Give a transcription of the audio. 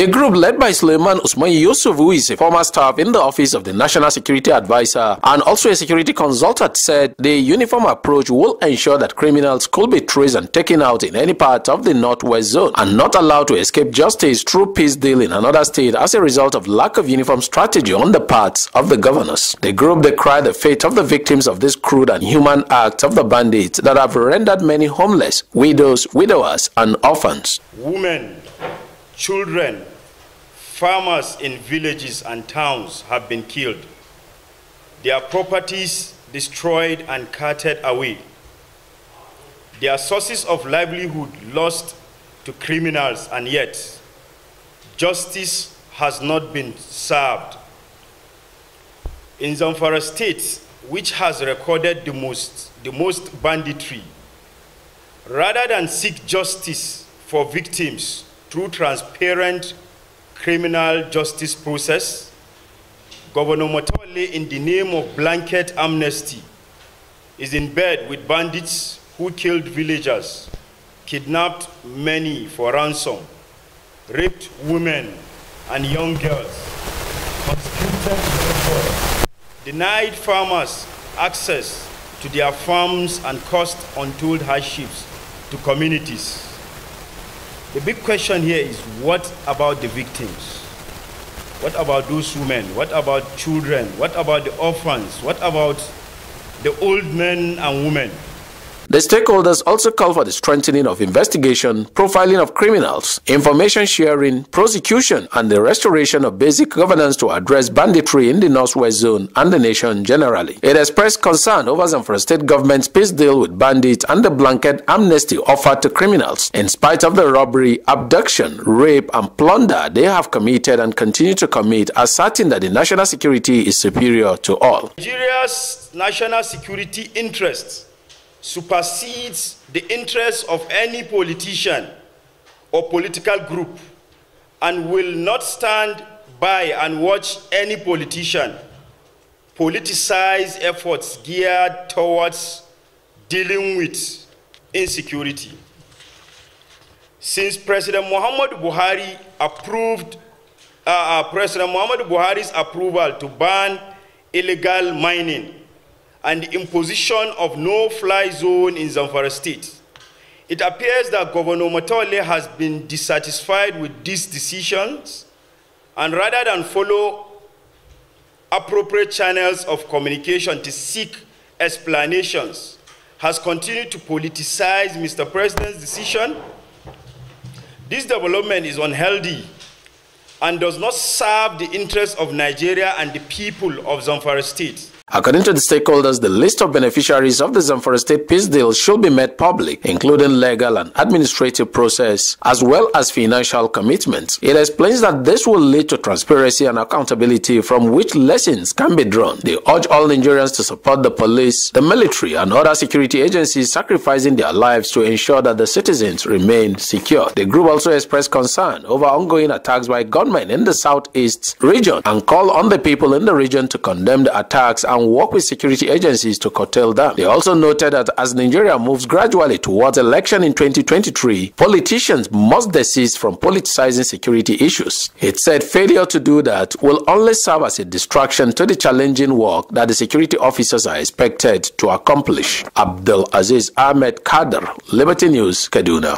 The group led by Suleiman Usman Yusuf, who is a former staff in the office of the National Security Advisor and also a security consultant, said the uniform approach will ensure that criminals could be traced and taken out in any part of the Northwest Zone and not allowed to escape justice through peace deal in another state as a result of lack of uniform strategy on the parts of the governors. The group decried the fate of the victims of this crude and human act of the bandits that have rendered many homeless, widows, widowers, and orphans. Women Children, farmers in villages and towns have been killed, their properties destroyed and carted away, their sources of livelihood lost to criminals, and yet justice has not been served. In Zamfara State, which has recorded the most, the most banditry, rather than seek justice for victims, through transparent criminal justice process, Governor Motole, in the name of blanket amnesty, is in bed with bandits who killed villagers, kidnapped many for ransom, raped women and young girls, denied farmers access to their farms and caused untold hardships to communities. The big question here is what about the victims? What about those women? What about children? What about the orphans? What about the old men and women? The stakeholders also call for the strengthening of investigation, profiling of criminals, information sharing, prosecution, and the restoration of basic governance to address banditry in the Northwest Zone and the nation generally. It expressed concern over Zamfara State government's peace deal with bandits and the blanket amnesty offered to criminals, in spite of the robbery, abduction, rape, and plunder they have committed and continue to commit, asserting that the national security is superior to all. Nigeria's national security interests supersedes the interests of any politician or political group and will not stand by and watch any politician politicize efforts geared towards dealing with insecurity. Since President Muhammad Buhari approved, uh, uh President Muhammad Buhari's approval to ban illegal mining, and the imposition of no-fly zone in Zamfara state. It appears that Governor Matole has been dissatisfied with these decisions and rather than follow appropriate channels of communication to seek explanations, has continued to politicize Mr. President's decision. This development is unhealthy and does not serve the interests of Nigeria and the people of Zamfara state. According to the stakeholders, the list of beneficiaries of the Zamfara State peace deal should be made public, including legal and administrative process, as well as financial commitments. It explains that this will lead to transparency and accountability from which lessons can be drawn. They urge all Nigerians to support the police, the military, and other security agencies sacrificing their lives to ensure that the citizens remain secure. The group also expressed concern over ongoing attacks by gunmen in the southeast region and call on the people in the region to condemn the attacks and and work with security agencies to curtail them. They also noted that as Nigeria moves gradually towards election in 2023, politicians must desist from politicizing security issues. It said failure to do that will only serve as a distraction to the challenging work that the security officers are expected to accomplish. Abdul Aziz Ahmed Kader, Liberty News, Kaduna.